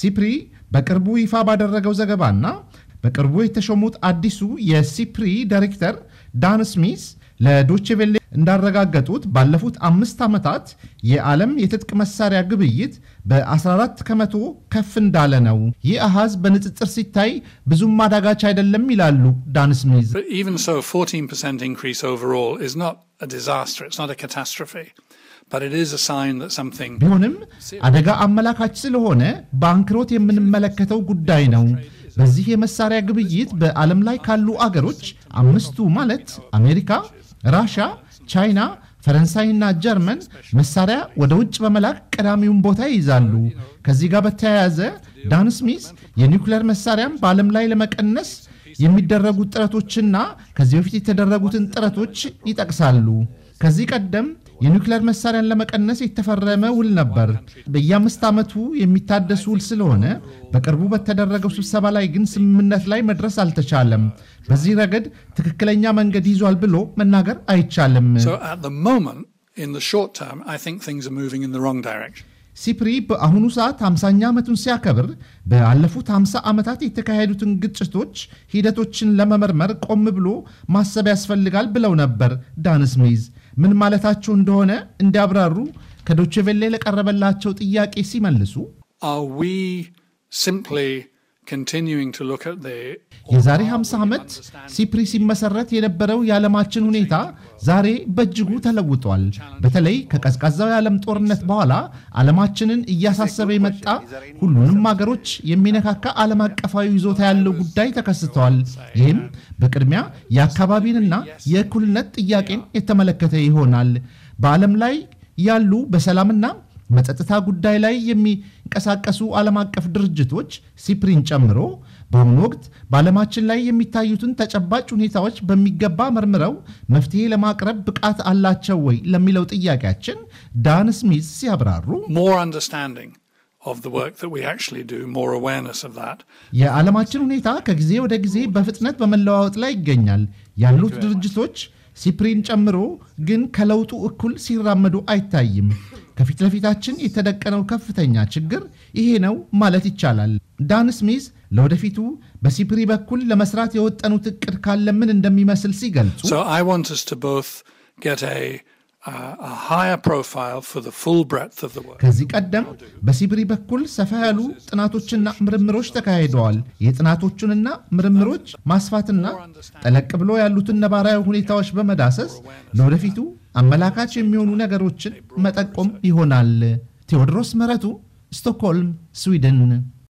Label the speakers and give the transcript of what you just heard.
Speaker 1: ሲፕሪ በቅርቡ ይፋ ባደረገው ዘገባና በቅርቡ የተሾሙት አዲሱ የሲፕሪ ዳይሬክተር ዳን ስሚስ ለዶችቬሌ እንዳረጋገጡት ባለፉት አምስት ዓመታት የዓለም የትጥቅ መሳሪያ ግብይት በ14 ከመቶ ከፍ እንዳለ ነው። ይህ አሃዝ በንጽጽር ሲታይ ብዙም ማዳጋች አይደለም ይላሉ ዳን ስሚዝ። ቢሆንም አደጋ አመላካች ስለሆነ በአንክሮት የምንመለከተው ጉዳይ ነው። በዚህ የመሳሪያ ግብይት በዓለም ላይ ካሉ አገሮች አምስቱ ማለት አሜሪካ፣ ራሻ፣ ቻይና ፈረንሳይና ጀርመን መሳሪያ ወደ ውጭ በመላክ ቀዳሚውን ቦታ ይይዛሉ። ከዚህ ጋር በተያያዘ ዳን ስሚዝ የኒውክሌር መሳሪያም በዓለም ላይ ለመቀነስ የሚደረጉት ጥረቶችና ከዚህ በፊት የተደረጉትን ጥረቶች ይጠቅሳሉ። ከዚህ ቀደም የኒውክሌር መሳሪያን ለመቀነስ የተፈረመ ውል ነበር። በየአምስት ዓመቱ የሚታደስ ውል ስለሆነ በቅርቡ በተደረገው ስብሰባ ላይ ግን ስምምነት ላይ መድረስ አልተቻለም። በዚህ ረገድ ትክክለኛ መንገድ ይዟል ብሎ መናገር አይቻልም። ሲፕሪ በአሁኑ ሰዓት 50 ዓመቱን ሲያከብር በለፉት 50 ዓመታት የተካሄዱትን ግጭቶች ሂደቶችን ለመመርመር ቆም ብሎ ማሰብ ያስፈልጋል ብለው ነበር ዳንስ ሚዝ። ምን ማለታቸው እንደሆነ እንዲያብራሩ ከዶቼ ቬሌ ለቀረበላቸው ጥያቄ ሲመልሱ የዛሬ 50 ዓመት ሲፕሪ ሲመሰረት የነበረው የዓለማችን ሁኔታ ዛሬ በእጅጉ ተለውጧል። በተለይ ከቀዝቃዛው የዓለም ጦርነት በኋላ ዓለማችንን እያሳሰበ የመጣ ሁሉንም አገሮች የሚነካካ ዓለም አቀፋዊ ይዞታ ያለው ጉዳይ ተከስተዋል። ይህም በቅድሚያ የአካባቢንና የእኩልነት ጥያቄን የተመለከተ ይሆናል። በዓለም ላይ ያሉ በሰላምና በጸጥታ ጉዳይ ላይ የሚንቀሳቀሱ ዓለም አቀፍ ድርጅቶች ሲፕሪን ጨምሮ በአሁኑ ወቅት በዓለማችን ላይ የሚታዩትን ተጨባጭ ሁኔታዎች በሚገባ መርምረው መፍትሄ ለማቅረብ ብቃት አላቸው ወይ ለሚለው
Speaker 2: ጥያቄያችን ዳን ስሚዝ ሲያብራሩ
Speaker 1: የዓለማችን ሁኔታ ከጊዜ ወደ ጊዜ በፍጥነት በመለዋወጥ ላይ ይገኛል። ያሉት ድርጅቶች ሲፕሪን ጨምሮ ግን ከለውጡ እኩል ሲራመዱ አይታይም። ከፊት ለፊታችን የተደቀነው ከፍተኛ ችግር ይሄ ነው ማለት ይቻላል። ዳን ስሚዝ ለወደፊቱ በሲፕሪ በኩል ለመስራት የወጠኑት እቅድ ካለ ምን እንደሚመስል ሲገልጹ ከዚህ ቀደም በሲብሪ በኩል ሰፋ ያሉ ጥናቶችና ምርምሮች ተካሂደዋል። የጥናቶቹንና ምርምሮች ማስፋትና ጠለቅ ብሎ ያሉትን ነባራዊ ሁኔታዎች በመዳሰስ ለወደፊቱ አመላካች የሚሆኑ ነገሮችን መጠቆም ይሆናል። ቴዎድሮስ መረቱ ስቶክሆልም፣ ስዊድን